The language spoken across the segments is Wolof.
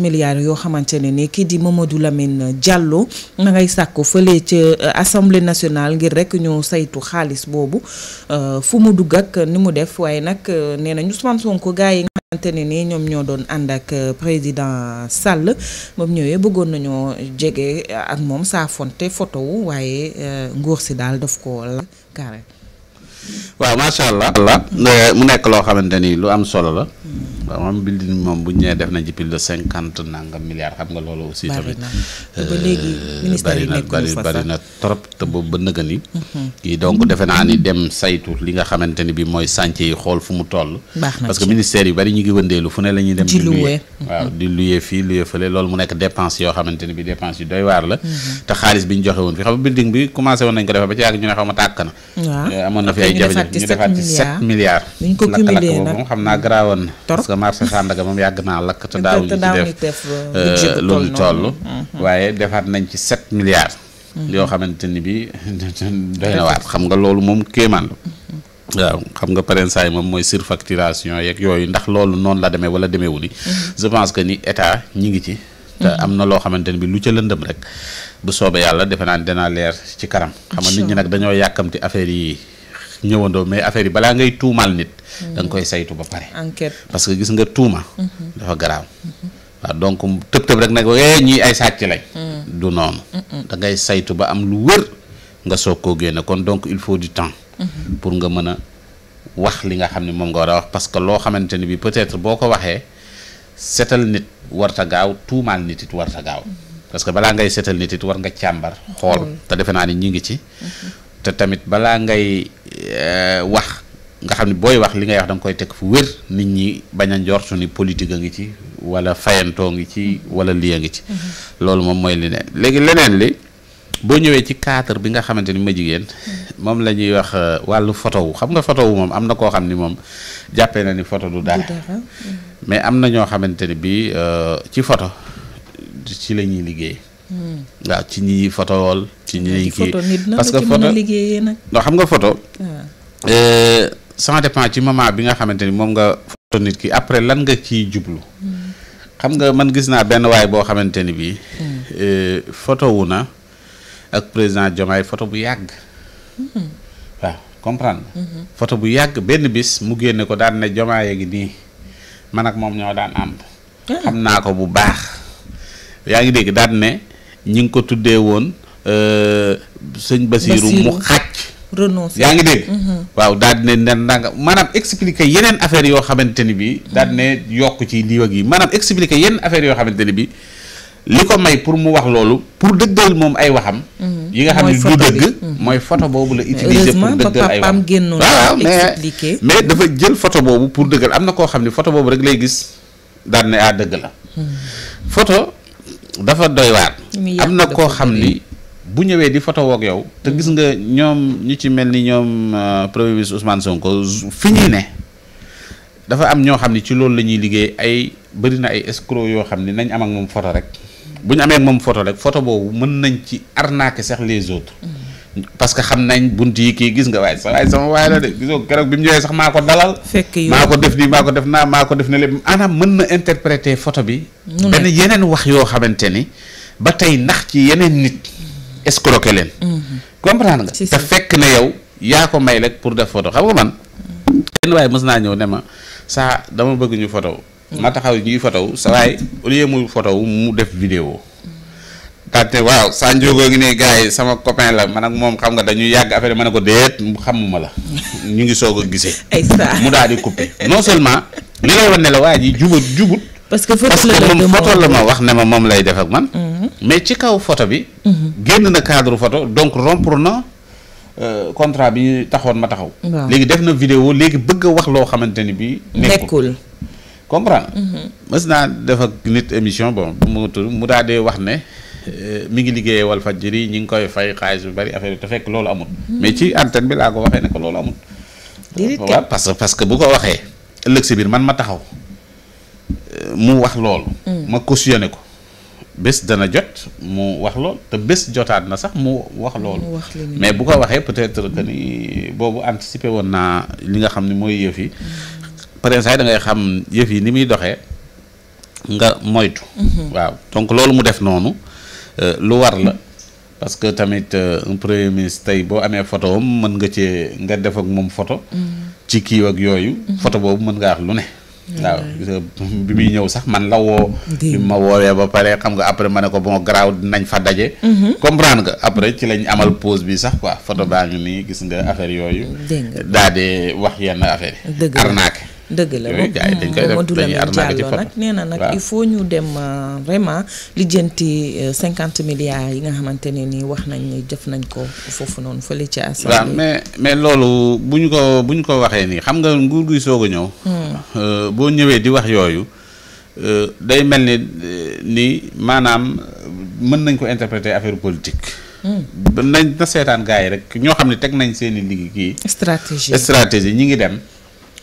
milliards yoo xamante ne nii kii di Mamadou Lamine Diallo na ngay sàkku fële ca euh, assemblée nationale ngir rek ñu saytu xaalis boobu euh, fu mu dugg ak ni mu def waaye nag euh, nee nañu Ousmane Sonko gars yi nga xamante ne ni ñoom ñoo doon ànd ak président Sall moom ñëwee bëggoon nañu jege ak moom saa fonte photo waaye nguur si daal daf ko la waaw macha allah mu nekk loo xamante ni lu am solo la hmm. waaw moom building moom bu ñu ñëwee def nañ ci plus de cinquante nangam milliards xam nga loolu aussi tamit ba léegi euh, ministère yi nekk bari na yi mhm. kii donc defe naa ni dem saytu li nga xamante ni bi mooy chantier yi xool fu mu toll parce que ministère yi bari ñu ngi wëndeelu fu ne la dem di luye waaw mhm. di luye fii luye fële loolu mu nekk dépense yoo xamante ni bi dépense yu doy waar la mhm. te xaalis bi ñu joxe woon xam nga building bi commencé woon nañ ko d ba ci yàgg ñu ne xaw ma tàkk na waaw eh, amoon na fi ay jafe-jafe ñu defaat marché Sandaga moom yàgg naa lakk te daaw ñu ci def lu uh, ñu uh, toll mm-hmm. waaye defaat nañ ci sept milliards mm-hmm. yoo xamante ni bi doy na waat xam nga loolu moom kéemaan la mm-hmm. waaw xam nga parensaay moom mooy surfacturation yeeg yooyu ndax loolu noonu la demee wala demeewu ni je pense que ni état ñi ngi ci te am na loo xamante ni bi lu ca lëndëm rek bu soobee yàlla defe naa danaa leer ci kanam xam nit ñi nag dañoo yàkkamti affaire yi ñëwandoo mais affaire yi balaa ngay tuumaal nit. Mm. da nga koy saytu ba pare. parce que gis nga tuuma. Mm-hmm. dafa garaaw. Mm-hmm. waaw donc tëb tëb rek nag eh ñii ay sàcc lañ. Mm. du noonu. da ngay saytu ba am lu wër nga soog koo génne kon donc il faut du temps. Mm-hmm. pour nga mën a wax li nga xam ne moom nga war a wax parce que loo xamante ni bi peut-être boo ko waxee setal nit warta gaaw tuumaal nit it warta gaaw. parce que balaa ngay setal nit it war nga càmbar. xool te defe naa ni ñi ngi ci. te tamit balaa ngay euh, wax nga xam ne booy wax li ngay wax da koy teg fu wér nit ñi bañ a njortu ni politique a ngi ci wala fayantoo ngi ci wala lii a ngi ci. Mm-hmm. loolu moom mooy li léegi leneen li boo ñëwee ci cadre bi nga xamante ni ma jigéen mm-hmm. moom la ñuy wax euh, wàllu photo xam nga photo moom am na koo xam ni moom jàppee na ni photo du dara mm-hmm. mais am na ñoo xamante ni bi euh, ci photo ci lañuy liggéey waaw ci ñi photo wool ci ñi kii parce que photo ndax xam nga foto ah. eh, ça dépend ci moment bi nga xamante ni moom nga photo nit ki après lan nga ciy jublu hmm. xam nga man gis naa benn waay boo xamante ni bii hmm. eh, photo wu na ak président Diomaye photo bu yàgg hmm. waaw comprendre photo bu yàgg benn bis mu génne ko daan ne Diomaye gi nii man ak moom ñoo daan ànd ah. xam naa ko bu baax yaa ngi dégg daan ne ñi ngi ko tuddee woon euh, sëñ Basiiru mu xàcc yaa ngi dégg mm-hmm. waaw daal di ne nen nanga maanaam expliquer yeneen affaire yoo xamante ni bi daal di ne yokk ci lii gi yi maanaam expliquer yeneen affaire yoo xamante ni bi li ko may pour mu wax loolu pour dëggal moom ay waxam mm-hmm. yi nga xam ne du dëgg mm-hmm. mooy photo boobu la utiliser pour dëggal ay waxam waaw mais dafa jël photo boobu pour dëggal am na koo xam ne photo boobu rek lay gis daal di ne ah dëgg la dafa doywaat am na koo xam ni bu ñëwee di photo woog yow. te gis nga ñoom ñu ci mel ni ñoom euh, premier ministre Ousmane Sonko fi ñuy ne dafa am ñoo xam ni ci loolu la ñuy liggéey ay bëri na ay escroc yoo xam ni nañ am ak moom photo rek bu ñu amee moom photo rek photo boobu mën nañ ci arnaquer sax les autres. Mm-hmm. parce que xam nañ bunt yi kii gis nga waaye sa waaye sama waaye la de gisoo keroog bi mu ñëwee sax maa ko dalal. fekk yow maa ko def nii maa ko def naa maa ko def ne lépp maanaam mën na interpréter photo bi. benn yeneen wax yoo xamante ni ba tey ndax ci yeneen nit escroquer leen. Mhm. comprendre nga. te fekk na yow yaa ko may rek pour def photo xam nga man. kenn waaye mës naa ñëw ne ma saa dama bëgg ñu photo mm. ma taxaw ñuy photo sa waay au lieu muy photo mu def vidéo. daal waaw saa a ngi ne gars yi sama copain la man ak moom xam nga dañuy yàgg affaire ma ne ko déet xamuma la ñu ngi soog a gisee. ay saa mu daal di coupé non seulement li lay wan ne la waa ji juba jubut. parce que moom photo la ma wax ne ma moom lay def ak man. Mhm. mais ci kaw photo bi. Mhm. génn na cadre photo donc rompre na euh, contrat bi ñu taxoon ma taxaw. léegi def na vidéo léegi bëgg a wax loo xamante ni bi nekkul comprendre. Mhm. mës naa def ak nit émission bon bu mu tudd mu daal Eh, mi ngi liggéeyee Walfadjri ñu ngi koy fay xaalis bu bari affaire bi te fekk loolu amul. mais ci antenne bi laa ko waxee ne ko loolu amul. waaw parce que parce que bu ko waxee ëllëg si biir man ma taxaw eh, mu wax loolu. Hmm. ma cautionné ko bés dana jot mu wax lool te bés jotaat na sax mu wax loolu. mais bu ko waxee peut-être que ni boobu anticiper woon naa li nga xam ne mooy yëf yi. Hmm. parents yi da ngay xam yëf yi ni muy doxee nga moytu. Hmm. waaw donc loolu mu def noonu. Euh, lu war la parce que tamit euh, un premier ministre tey boo amee photo am mën nga cee nga def ak moom photo mm-hmm. ci kii ak yooyu mm-hmm. photo boobu mën nga wax lu ne waaw bi muy ñëw sax man la woo bi ma woowee ba pare xam nga après ma ne ko bon garaaw dinañ fa daje mm-hmm. comprendre nga après ci lañ amal pose bi sax quoi photo baa ngi nii gis nga affaire yooyu daa dee wax yenn affaire yi dëgg la Mamadou Lamine Diallo nag nee na nag il faut ñu dem euh, vraiment lijjanti euh, cinquante milliards yi nga xamante ne nii wax nañ ni jëf nañ ko foofu noonu fële ci assemblée. waaw mais loolu bu ñu ko bu ñu ko waxee nii xam nga nguur guy soog a ñëw. Hmm. Euh, boo ñëwee di wax yooyu day mel ni ni maanaam mën nañ ko interpréter affaire politique. Hmm. nañ na seetaan gars rek ñoo xam ne teg nañ seen i liggéey stratégie stratégie ñi ngi dem.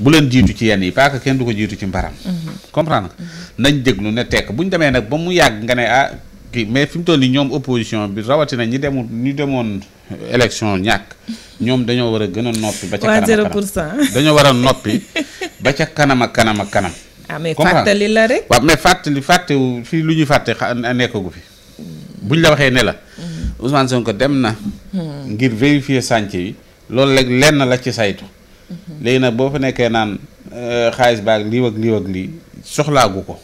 bu leen jiitu ci yenn yi parce que kenn du ko jiitu ci mbaram. Mhm. comprendre nga mhm. nañ déglu ne tekk bu ñu demee nag ba mu yàgg nga ne ah kii mais fi mu toll nii ñoom opposition bi rawatina ñi demul ñi demoon euh, élection ñàkk ñoom dañoo war a gën a noppi. ba ca kanam pour cent dañoo war a noppi ba ca kanam ak kanam ak kanam. ah mais fàttali la rek. waaw mais fàttali fàtte fii lu ñuy fàtte xa gu fi mm. buñ la waxee ne la. Mm. Ousmane Sonko dem na. Mm. ngir vérifier chantier yi. loolu léegi lenn la ci saytu. léegi nag boo fa nekkee naan euh, xaalis baag lii ak lii ak lii soxlaagu ko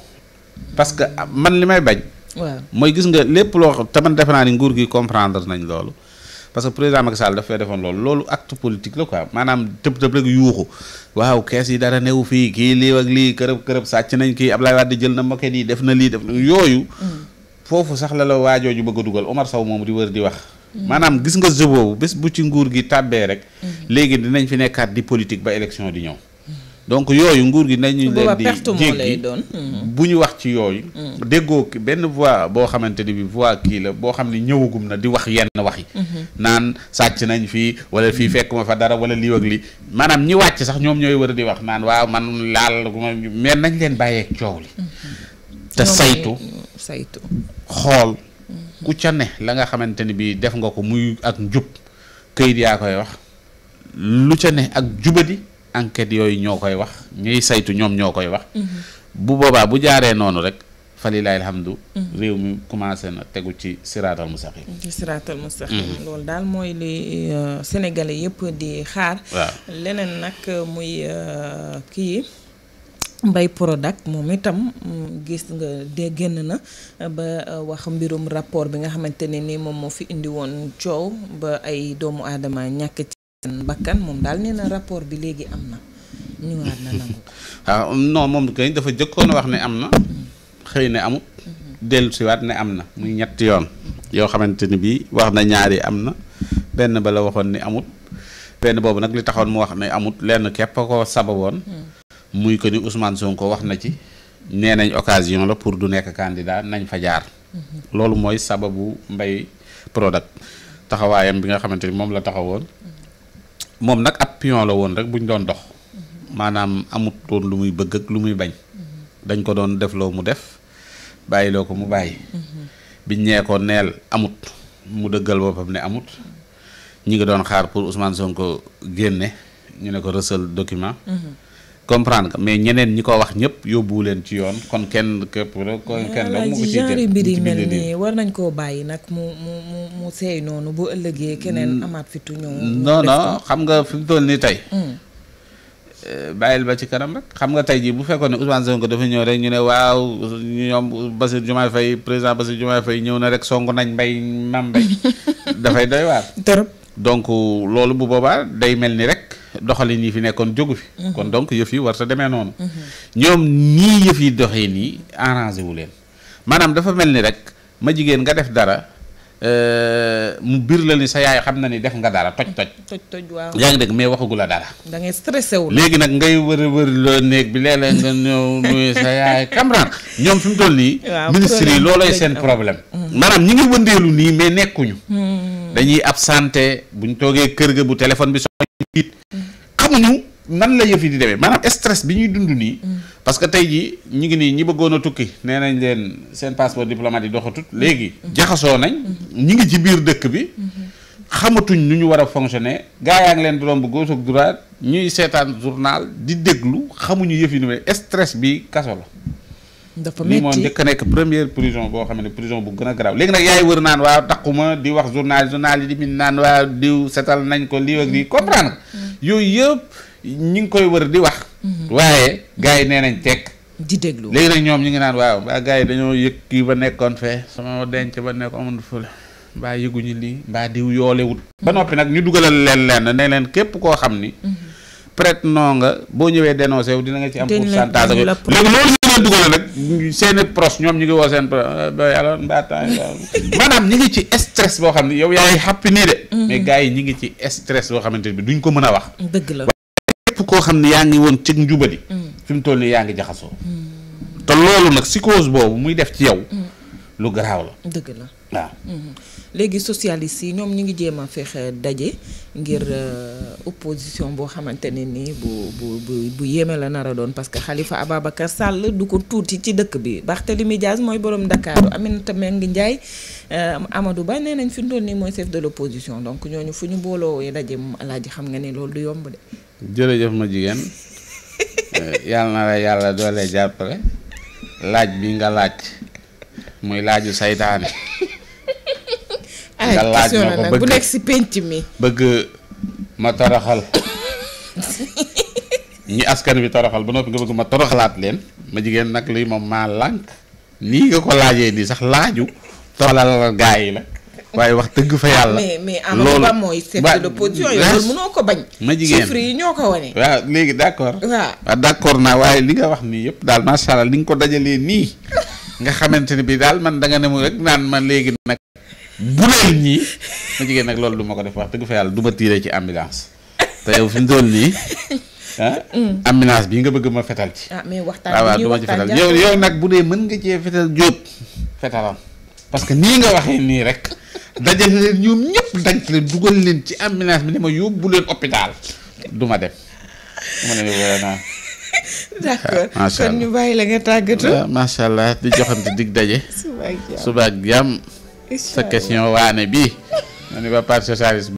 parce que ah, man li may bañ. waaw mooy gis nga lépp loo xam te man defe naa ni nguur gi comprendre nañ loolu. parce que président Macky Sall daf fee defoon loolu loolu acte politique la quoi maanaam tëb tëb rek yuuxu waaw kees yi dara newu fii kii lii ak lii kërëb kërëb sàcc nañ kii Ablaye Wade jël na moket yi def na lii def na yooyu. Mm. foofu sax la la waajooju bëgg a dugal Omar saw moom di wër di wax. maanaam gis nga jeu boobu bés bu ci nguur gi tàbbee rek léegi dinañ fi nekkaat di politique ba élection di ñëw donc yooyu nguur gi nañu leen di jéggi bu ñu wax ci yooyu mm. déggoo benn voix boo xamante ni bi voix kii la boo xam ne ñëwagum na di wax yenn wax yi mm-hmm. naan sàcc nañ fii wala fii mm-hmm. fekk ma fa dara wala lii li lii maanaam ñi wàcc sax ñoom ñooy war a di wax naan waaw man laal mais nañ leen bàyyeeg coow li mm-hmm. te saytu saytu xool ku ca ne la nga xamante ni bi def nga ko muy ak njub këyit yaa koy wax lu ca ne ak jubadi enquête yooyu ñoo koy wax ñuy saytu ñoom ñoo koy wax mhm. bu boobaa bu jaaree noonu rek falilaay alhamdu mhm. réew mi commencé na tegu ci siraatal mustaqim ci siraatal mustaqim mhm. loolu daal mooy li euh, sénégalais yëpp di xaar leneen nag muy euh, kii Mbaye Prodac moom itam mm, gis nga de génn na uh, ba uh, wax mbirum rapport bi nga xamante ne ni moom moo fi indi woon coow ba ay doomu aadama ñàkk ci bakkan moom daal nee na rapport bi léegi am na ñëwaat na nangu waaw ah, moom kay dafa jëkkoon wax ne am na xëy na amut dellu siwaat ne am na muy ñetti yoon yoo xamante ni bii wax na ñaari am na benn ba la waxoon ni amut benn boobu nag li taxoon mu wax ne amut lenn képp ko sababoon hmm. muy que ni Ousmane Sonko wax na ci nee nañ occasion la pour du nekk candidat nañ fa jaar. Mhm. loolu mooy sababu mbay Prodac taxawaayam bi nga xamante ni moom la taxawoon moom nag ab pion la woon rek ñu doon dox mhm. maanaam amut woon lu muy bëgg ak lu muy bañ mhm. dañ ko doon def loo mu def bàyyiloo ko mu bàyyi biñ ñee ko neel amut mu dëggal boppam ni amut ñu ngi doon xaar pour Ousmane Sonko génne ñu ne ko rësal document. comprendre mais ñeneen ñi ko wax ñëpp yóbbu leen ci yoon kon kenn képp rek kon ah, kenn rek mel nii war nañ koo bàyyi nag mu mu mu seey noonu bu ëllëgee keneen mm. amaat fitu ñëw non xam nga fi mu toll nii tey mm. eh, bàyyil ba ci kanam rek xam nga tey jii bu fekkoon ne Ousmane Sonko dafa ñëw rek ñu ne waaw ñoom Bassirou Diomaye président Bassirou Diomaye Faye ñëw na rek songu nañ mbay mam mbay dafay doy waar trop donc loolu bu boobaa day mel ni rek doxalin yi fi nekkoon jógu fi. Mhm. kon donc yëf yi war sa demee noonu. Mhm. ñoom nii yëf yi doxee nii arrangé wu leen maanaam dafa mel ni rek ma jigéen nga def dara. Euh, mu biir la ni sa yaay xam na ni def nga dara toj toj. toj toj waaw yaa ngi dégg mais waxagula la dara. da wu. léegi nag ngay wër a wër la néeg bi léeg-léeg nga ñëw nuyu sa yaay Camara ñoom fi mu nii. ministre yi loolooy seen problème. Mhm. maanaam ñi ngi wëndeelu nii mais nekkuñu. dañuy absenté bu ñu toogee kër ga bu téléphone bi. nan la yëf yi di demee maanaam stress bi ñuy dund nii. parce que tey jii ñu ngi nii ñi bëggoon a tukki nee nañ leen seen passeport diplomatique doxatut léegi. jaxasoo nañ. ñi ngi ci biir dëkk bi. xamatuñ nu ñu war a fonctionner gaa yaa ngi leen di bu gauche ak droite ñuy seetaan journal di déglu xamuñu yëf yi stress bi kaso la. dafa metti moo njëkk nekk première prison boo xam ne prison bu gën a garaaw léegi nag yaay wër naan waaw taxuma di wax journal journal yi di bind naan waaw setal nañ ko lii ak lii mm. comprendre mm. yooyu yëpp. ñi ngi koy wër di wax. Mhm. waaye gars yi nee nañ tekk. di déglu léegi nag ñoom ñu ngi naan waaw mbaa gars yi dañoo yëg kii ba nekkoon fee sama denc ba nekk amul fële mbaa yëguñu lii mbaa diw yoolewut ba noppi nag ñu dugalal leen lenn ne leen képp koo xam ni. Mhm. prête non nga boo ñëwee dénoncé wu dina nga ci am. pourcentage ak léegi loolu ñu leen dugalal nag mhm. seen i proche ñoom ñu ngi woo seen proche euh, alors mbaa temps maanaam ñu ngi ci stress boo xam ne yow yaay xàppi nii de. mais gars yi ñu ngi ci stress boo xamante a wax. dëgg la képp koo xam ne yaa ngi woon cëg njubadi fi mu toll nii yaa ngi jaxasoo te loolu nag psychose boobu muy def ci yow lu garaaw la dëgg la waaw mhm. léegi socialistes yi ñoom ñu ngi jéem a fexe daje ngir mhm. euh, opposition boo xamante ne nii bu bu bu bu yéeme la nara doon parce que Khalifa Ababacar Sall du ko tuuti ci dëkk bi Barthélémy Dias mooy borom Ndakaaru Aminata Mbengue Ndiaye euh, Amadou Ba nee nañ fi mu toll nii mooy chef de l' opposition donc ñooñu fu ñu booloo daje moom alaaji xam nga ne loolu du yomb jërëjëf ma jigéen eh, yàlla na la yàlla doole jàppale laaj bi nga laaj muy laaju saytaane. nga laaj ma ko bëgg bu nekk si penc mi. bëgg ma toroxal ñi askan wi toroxal ba noppi nga bëgg ma toroxalaat leen ma jigéen nag li moom maa lànk nii nga ko laajee nii sax laaju toroxalal gaa yi la. waaye wax dëgg fa ah, yàlla. mais mais Amadou Ba mooy chef de loolu mënoo ko bañ. ma jigéen ñoo ko wane. waaw léegi d' accord. waaw ah, d' accord naa waaye li nga wax nii yëpp daal macha allah ni nga ko dajalee nii nga xamante ne bii daal man danga ne mu rek naan ma léegi nag bu leen ñii ma jigéen nag loolu du ma ko def wax dëgg fa yàlla du ma tiiree ci ambulance te yow fi mu toll nii. ah. ambulance bii nga bëgg ma fetal ci. ah mais waxtaan ah, bi ñuy waxtaan yow yow nag bu dee mën nga cee fetal jóob fetalam parce que nii nga waxee dajale leen ñoom ñëpp daj leen dugal leen ci ambulance bi ne ma yóbbu leen hôpital du ma dem du ma dem ah. d'accord ah, la nga tàggatu. Ah, macha di joxante dig daje. suba ak jàmm sa question waane bi. ma ne ba parti